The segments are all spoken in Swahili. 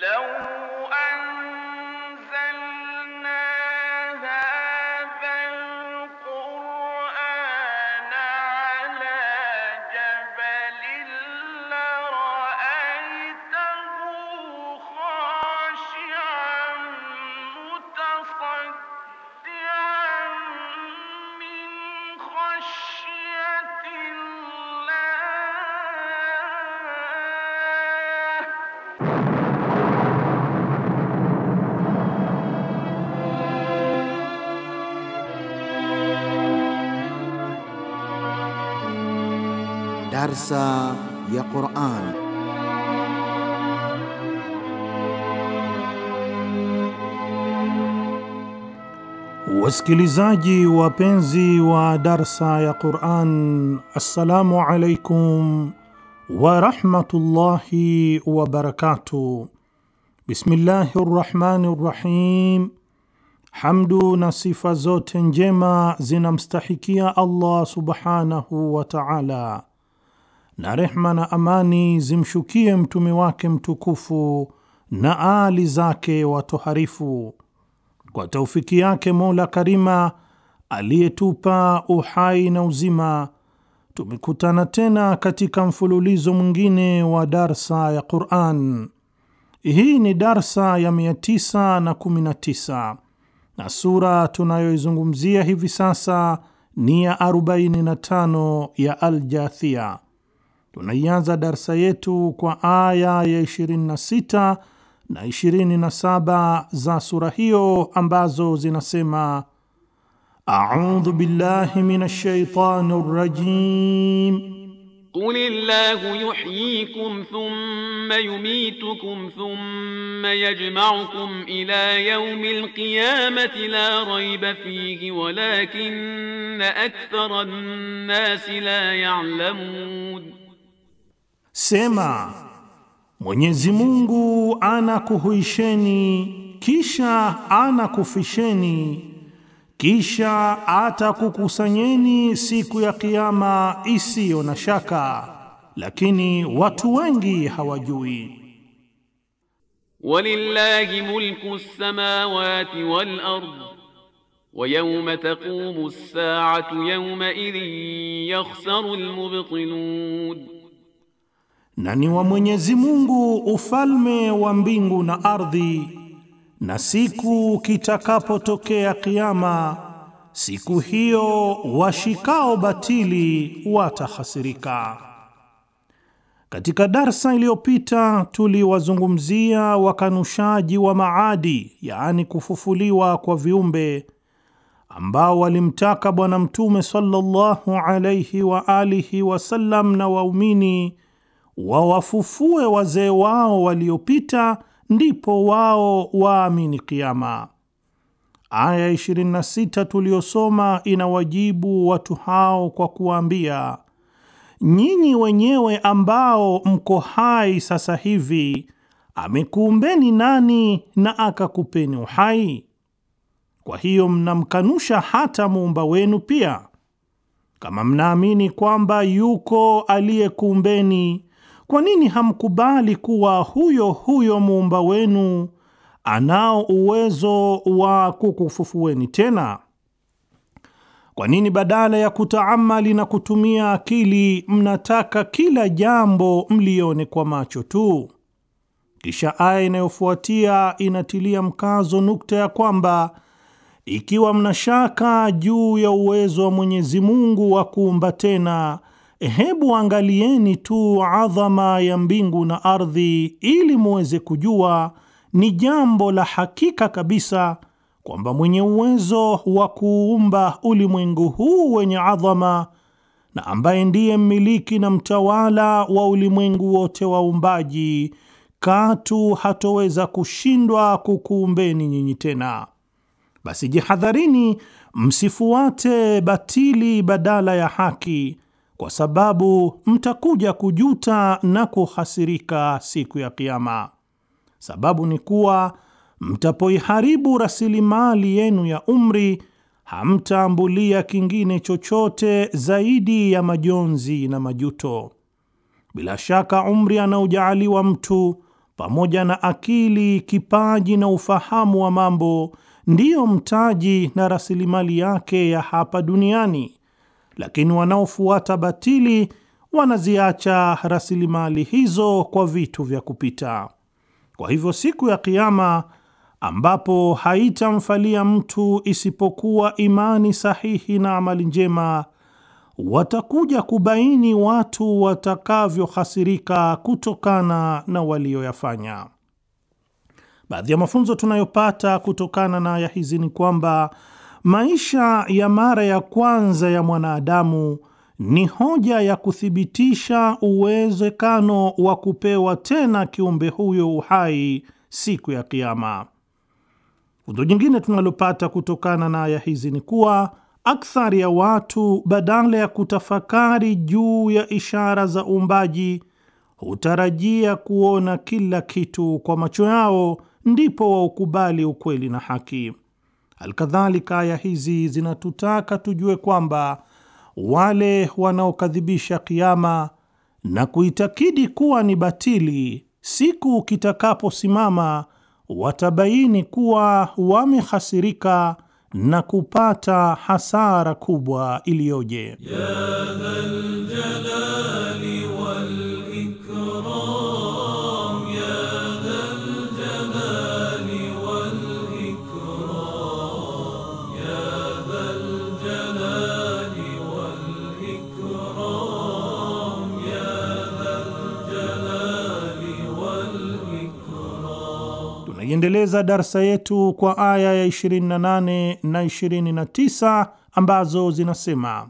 لو Darsa ya Quran. Wasikilizaji wapenzi wa darsa ya Quran, assalamu alaikum wa rahmatullahi wa barakatuh. Bismillahi rrahmani rrahim. Hamdu na sifa zote njema zinamstahikia Allah subhanahu wa taala na rehma na amani zimshukie mtume wake mtukufu na aali zake watoharifu. Kwa taufiki yake Mola Karima aliyetupa uhai na uzima, tumekutana tena katika mfululizo mwingine wa darsa ya Quran. Hii ni darsa ya 919 na sura tunayoizungumzia hivi sasa ni ya 45 ya Aljathia. Tunaianza darsa yetu kwa aya ya 26 na 27 za sura hiyo ambazo zinasema: audhu billahi minash shaitani rrajim Qul Allahu yuhyikum thumma yumitukum thumma yajma'ukum ila yawmil qiyamati la rayba fihi walakinna akthara an-nasi la ya'lamun Sema, Mwenyezi Mungu anakuhuisheni, kisha anakufisheni, kisha atakukusanyeni siku ya Kiyama isiyo na shaka, lakini watu wengi hawajui. Walillahi mulku samawati wal ardh ويوم تقوم الساعة يومئذ يخسر المبطلون na ni wa Mwenyezi Mungu ufalme wa mbingu na ardhi, na siku kitakapotokea Kiama, siku hiyo washikao batili watahasirika. Katika darsa iliyopita tuliwazungumzia wakanushaji wa maadi, yaani kufufuliwa kwa viumbe, ambao walimtaka Bwana Mtume sallallahu alayhi wa alihi wasallam na waumini wawafufue wazee wao waliopita, ndipo wao waamini kiama. Aya 26 tuliyosoma inawajibu watu hao kwa kuwaambia, nyinyi wenyewe ambao mko hai sasa hivi, amekuumbeni nani na akakupeni uhai? Kwa hiyo mnamkanusha hata muumba wenu pia? Kama mnaamini kwamba yuko aliyekuumbeni kwa nini hamkubali kuwa huyo huyo muumba wenu anao uwezo wa kukufufueni tena? Kwa nini badala ya kutaamali na kutumia akili mnataka kila jambo mlione kwa macho tu? Kisha aya inayofuatia inatilia mkazo nukta ya kwamba ikiwa mnashaka juu ya uwezo wa Mwenyezi Mungu wa kuumba tena Hebu angalieni tu adhama ya mbingu na ardhi, ili muweze kujua ni jambo la hakika kabisa kwamba mwenye uwezo wa kuumba ulimwengu huu wenye adhama na ambaye ndiye mmiliki na mtawala wa ulimwengu wote waumbaji, katu hatoweza kushindwa kukuumbeni nyinyi tena. Basi jihadharini, msifuate batili badala ya haki kwa sababu mtakuja kujuta na kuhasirika siku ya Kiama. Sababu ni kuwa mtapoiharibu rasilimali yenu ya umri, hamtaambulia kingine chochote zaidi ya majonzi na majuto. Bila shaka umri anaojaaliwa mtu pamoja na akili, kipaji na ufahamu wa mambo ndiyo mtaji na rasilimali yake ya hapa duniani lakini wanaofuata batili wanaziacha rasilimali hizo kwa vitu vya kupita. Kwa hivyo siku ya Kiama, ambapo haitamfalia mtu isipokuwa imani sahihi na amali njema, watakuja kubaini watu watakavyohasirika kutokana na walioyafanya. Baadhi ya mafunzo tunayopata kutokana na aya hizi ni kwamba Maisha ya mara ya kwanza ya mwanadamu ni hoja ya kuthibitisha uwezekano wa kupewa tena kiumbe huyo uhai siku ya Kiama. Funzo jingine tunalopata kutokana na aya hizi ni kuwa akthari ya watu badala ya kutafakari juu ya ishara za uumbaji hutarajia kuona kila kitu kwa macho yao ndipo waukubali ukweli na haki. Alkadhalika, aya hizi zinatutaka tujue kwamba wale wanaokadhibisha kiama na kuitakidi kuwa ni batili, siku kitakaposimama watabaini kuwa wamehasirika na kupata hasara kubwa iliyoje. kuendeleza darsa yetu kwa aya ya 28 na 29 ambazo zinasema: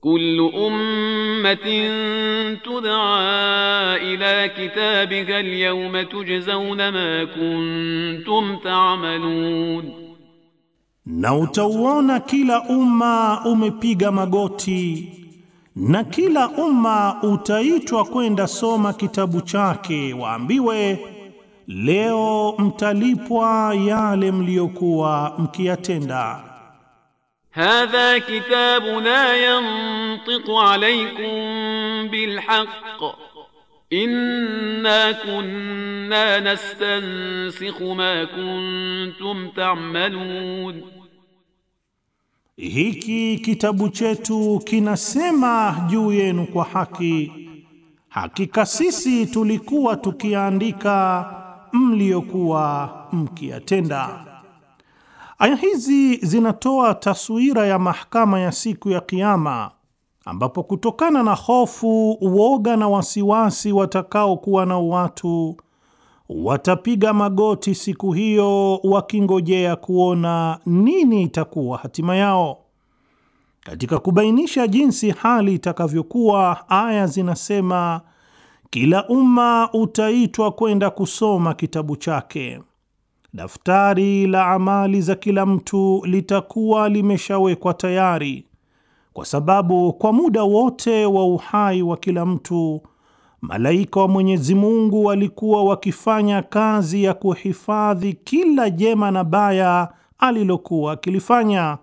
kullu ummatin tud'a ila kitabika al-yawma tujzauna ma kuntum ta'malun, na utauona kila umma umepiga magoti na kila umma utaitwa kwenda soma kitabu chake, waambiwe leo mtalipwa yale mliyokuwa mkiyatenda. Hadha kitabuna yantiqu alaykum bilhaq inna kunna nastansikhu ma kuntum ta'malun, hiki kitabu chetu kinasema juu yenu kwa haki, hakika sisi tulikuwa tukiandika mliyokuwa mkiyatenda. Aya hizi zinatoa taswira ya mahakama ya siku ya Kiama, ambapo kutokana na hofu, uoga na wasiwasi watakaokuwa na watu watapiga magoti siku hiyo wakingojea kuona nini itakuwa hatima yao. Katika kubainisha jinsi hali itakavyokuwa, aya zinasema kila umma utaitwa kwenda kusoma kitabu chake. Daftari la amali za kila mtu litakuwa limeshawekwa tayari, kwa sababu kwa muda wote wa uhai wa kila mtu malaika wa Mwenyezi Mungu walikuwa wakifanya kazi ya kuhifadhi kila jema na baya alilokuwa akilifanya,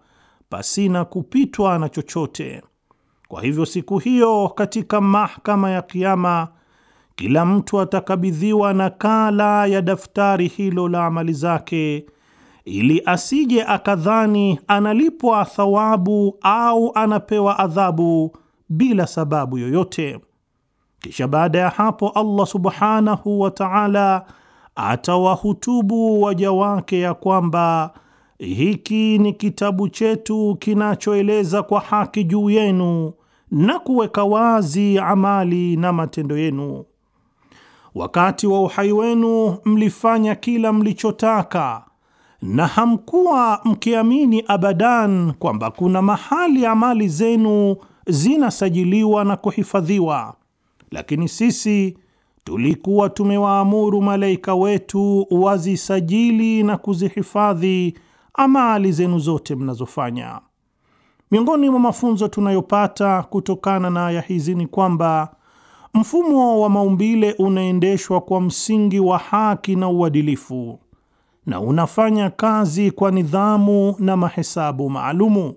pasina kupitwa na chochote. Kwa hivyo, siku hiyo katika mahakama ya Kiama kila mtu atakabidhiwa nakala ya daftari hilo la amali zake, ili asije akadhani analipwa thawabu au anapewa adhabu bila sababu yoyote. Kisha baada ya hapo Allah subhanahu wa ta'ala atawahutubu waja wake ya kwamba hiki ni kitabu chetu kinachoeleza kwa haki juu yenu na kuweka wazi amali na matendo yenu. Wakati wa uhai wenu mlifanya kila mlichotaka na hamkuwa mkiamini abadan kwamba kuna mahali amali zenu zinasajiliwa na kuhifadhiwa, lakini sisi tulikuwa tumewaamuru malaika wetu wazisajili na kuzihifadhi amali zenu zote mnazofanya. Miongoni mwa mafunzo tunayopata kutokana na aya hizi ni kwamba Mfumo wa maumbile unaendeshwa kwa msingi wa haki na uadilifu na unafanya kazi kwa nidhamu na mahesabu maalumu,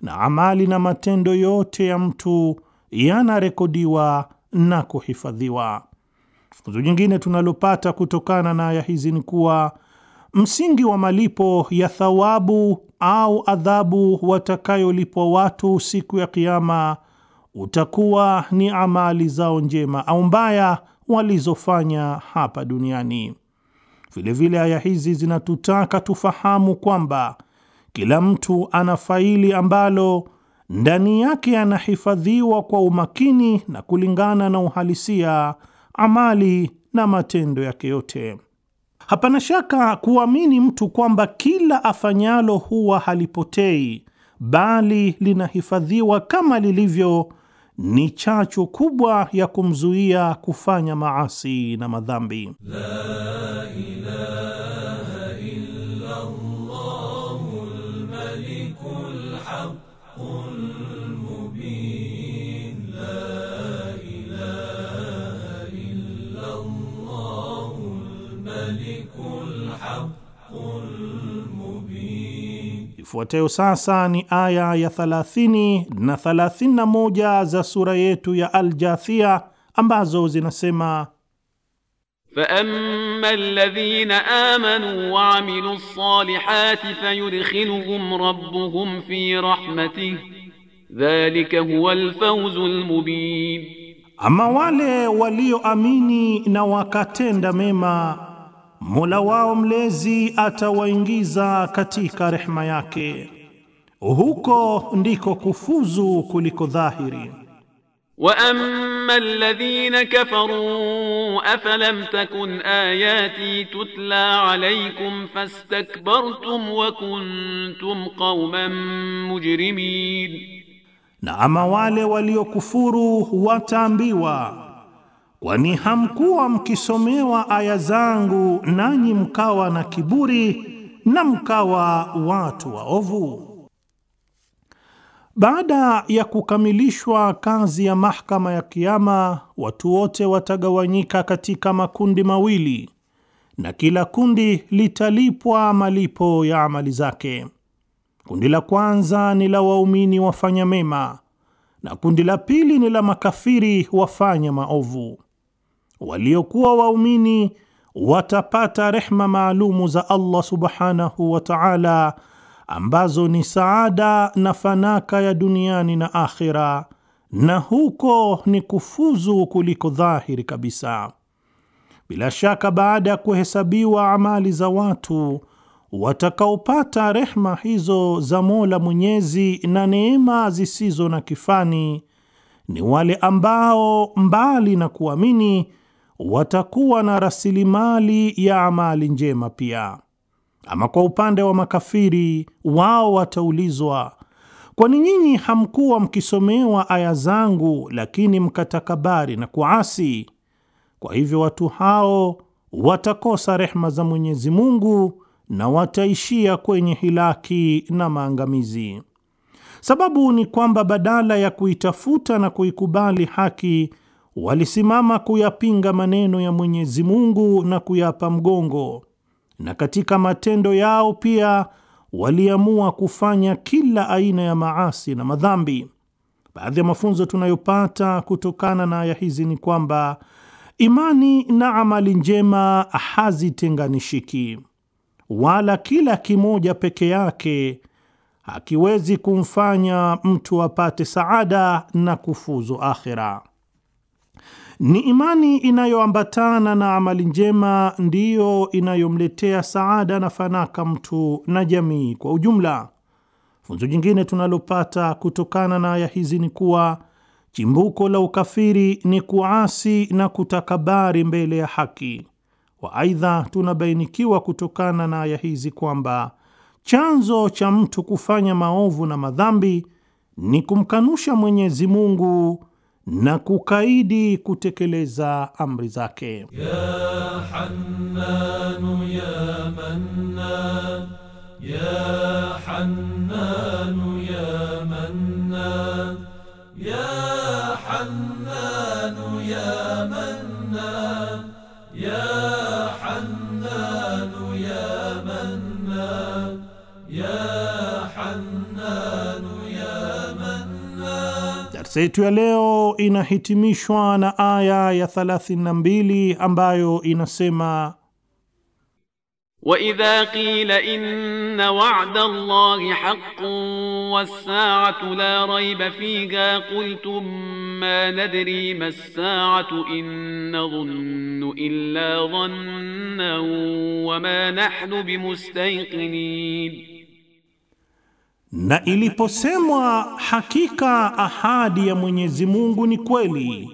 na amali na matendo yote ya mtu yanarekodiwa na kuhifadhiwa. Funzo jingine tunalopata kutokana na aya hizi ni kuwa msingi wa malipo ya thawabu au adhabu watakayolipwa watu siku ya Kiama utakuwa ni amali zao njema au mbaya walizofanya hapa duniani. Vilevile aya hizi zinatutaka tufahamu kwamba kila mtu ana faili ambalo ndani yake anahifadhiwa kwa umakini na kulingana na uhalisia amali na matendo yake yote. Hapana shaka kuamini mtu kwamba kila afanyalo huwa halipotei, bali linahifadhiwa kama lilivyo ni chachu kubwa ya kumzuia kufanya maasi na madhambi la ilaha Ifuatayo sasa ni aya ya 30 na 31 za sura yetu ya Al-Jathia ambazo zinasema Faamma alladhina amanu wa amilu ssalihati fayudkhiluhum rabbuhum fi rahmatihi dhalika huwa fawzul mubin, ama wale walioamini na wakatenda mema Mola wao mlezi atawaingiza katika rehema yake, huko ndiko kufuzu kuliko dhahiri. Wa amma alladhina kafaru afalam takun ayati tutla alaykum fastakbartum wa kuntum qauman mujrimin, na ama wale waliokufuru wataambiwa Kwani hamkuwa mkisomewa aya zangu nanyi mkawa na kiburi na mkawa watu waovu. Baada ya kukamilishwa kazi ya mahakama ya Kiama, watu wote watagawanyika katika makundi mawili, na kila kundi litalipwa malipo ya amali zake. Kundi la kwanza ni la waumini wafanya mema na kundi la pili ni la makafiri wafanya maovu waliokuwa waumini watapata rehma maalumu za Allah subhanahu wa ta'ala, ambazo ni saada na fanaka ya duniani na akhira, na huko ni kufuzu kuliko dhahiri kabisa. Bila shaka, baada ya kuhesabiwa amali za watu, watakaopata rehma hizo za Mola Mwenyezi na neema zisizo na kifani ni wale ambao mbali na kuamini watakuwa na rasilimali ya amali njema pia. Ama kwa upande wa makafiri, wao wataulizwa, kwani nyinyi hamkuwa mkisomewa aya zangu, lakini mkatakabari na kuasi? Kwa hivyo watu hao watakosa rehma za Mwenyezi Mungu na wataishia kwenye hilaki na maangamizi. Sababu ni kwamba badala ya kuitafuta na kuikubali haki walisimama kuyapinga maneno ya Mwenyezi Mungu na kuyapa mgongo, na katika matendo yao pia waliamua kufanya kila aina ya maasi na madhambi. Baadhi ya mafunzo tunayopata kutokana na aya hizi ni kwamba imani na amali njema hazitenganishiki, wala kila kimoja peke yake hakiwezi kumfanya mtu apate saada na kufuzu akhira. Ni imani inayoambatana na amali njema ndiyo inayomletea saada na fanaka mtu na jamii kwa ujumla. Funzo jingine tunalopata kutokana na aya hizi ni kuwa chimbuko la ukafiri ni kuasi na kutakabari mbele ya haki wa. Aidha, tunabainikiwa kutokana na aya hizi kwamba chanzo cha mtu kufanya maovu na madhambi ni kumkanusha Mwenyezi Mungu na kukaidi kutekeleza amri zake. ya Darsa yetu ya leo inahitimishwa na aya ya 32 ambayo inasema وإذا قيل إن وعد الله حق والساعة لا ريب فيها قلتم ما ندري ما الساعة إن نظن إلا ظنا وما نحن بمستيقنين Na iliposemwa hakika ahadi ya Mwenyezi Mungu ni kweli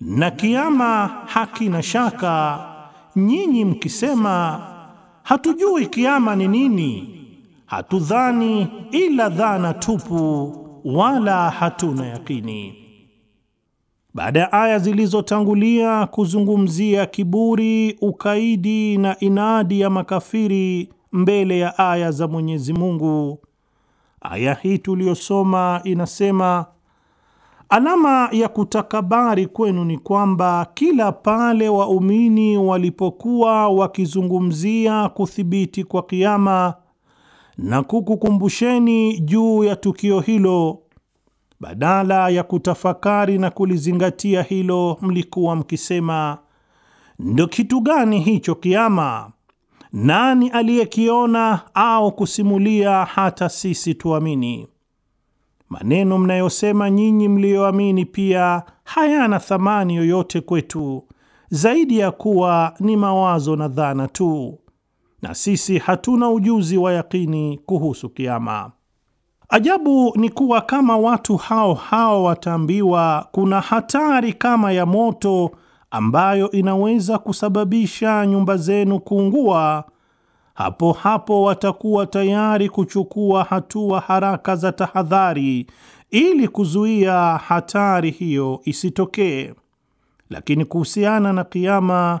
na kiama hakina shaka, nyinyi mkisema hatujui kiama ni nini, hatudhani ila dhana tupu, wala hatuna yakini. Baada ya aya zilizotangulia kuzungumzia kiburi, ukaidi na inadi ya makafiri mbele ya aya za Mwenyezi Mungu Aya hii tuliyosoma inasema alama ya kutakabari kwenu ni kwamba kila pale waumini walipokuwa wakizungumzia kuthibiti kwa kiama na kukukumbusheni juu ya tukio hilo, badala ya kutafakari na kulizingatia hilo, mlikuwa mkisema, ndo kitu gani hicho kiama? Nani aliyekiona au kusimulia hata sisi tuamini? Maneno mnayosema nyinyi mliyoamini pia hayana thamani yoyote kwetu zaidi ya kuwa ni mawazo na dhana tu, na sisi hatuna ujuzi wa yakini kuhusu kiama. Ajabu ni kuwa kama watu hao hao wataambiwa kuna hatari kama ya moto ambayo inaweza kusababisha nyumba zenu kuungua, hapo hapo watakuwa tayari kuchukua hatua haraka za tahadhari ili kuzuia hatari hiyo isitokee. Lakini kuhusiana na kiama,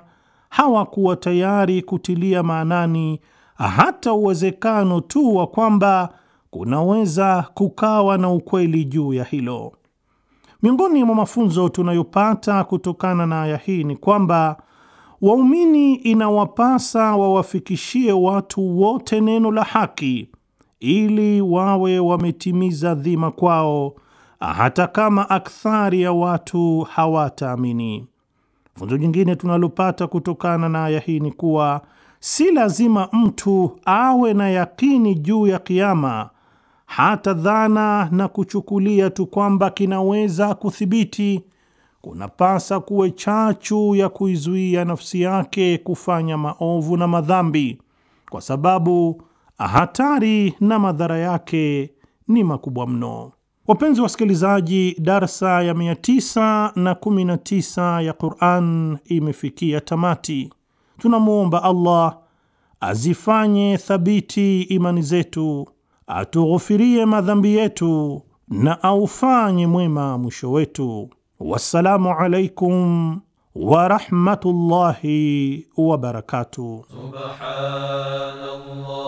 hawakuwa tayari kutilia maanani hata uwezekano tu wa kwamba kunaweza kukawa na ukweli juu ya hilo. Miongoni mwa mafunzo tunayopata kutokana na aya hii ni kwamba waumini inawapasa wawafikishie watu wote neno la haki ili wawe wametimiza dhima kwao, hata kama akthari ya watu hawataamini. Funzo jingine tunalopata kutokana na aya hii ni kuwa si lazima mtu awe na yakini juu ya kiama hata dhana na kuchukulia tu kwamba kinaweza kuthibiti, kunapasa kuwe chachu ya kuizuia nafsi yake kufanya maovu na madhambi, kwa sababu hatari na madhara yake ni makubwa mno. Wapenzi wasikilizaji, darsa ya 919 ya Qur'an imefikia tamati. Tunamwomba Allah azifanye thabiti imani zetu atughufirie madhambi yetu na aufanye mwema mwisho wetu. Wassalamu alaikum wa rahmatullahi wa barakatuh. Subhanallah.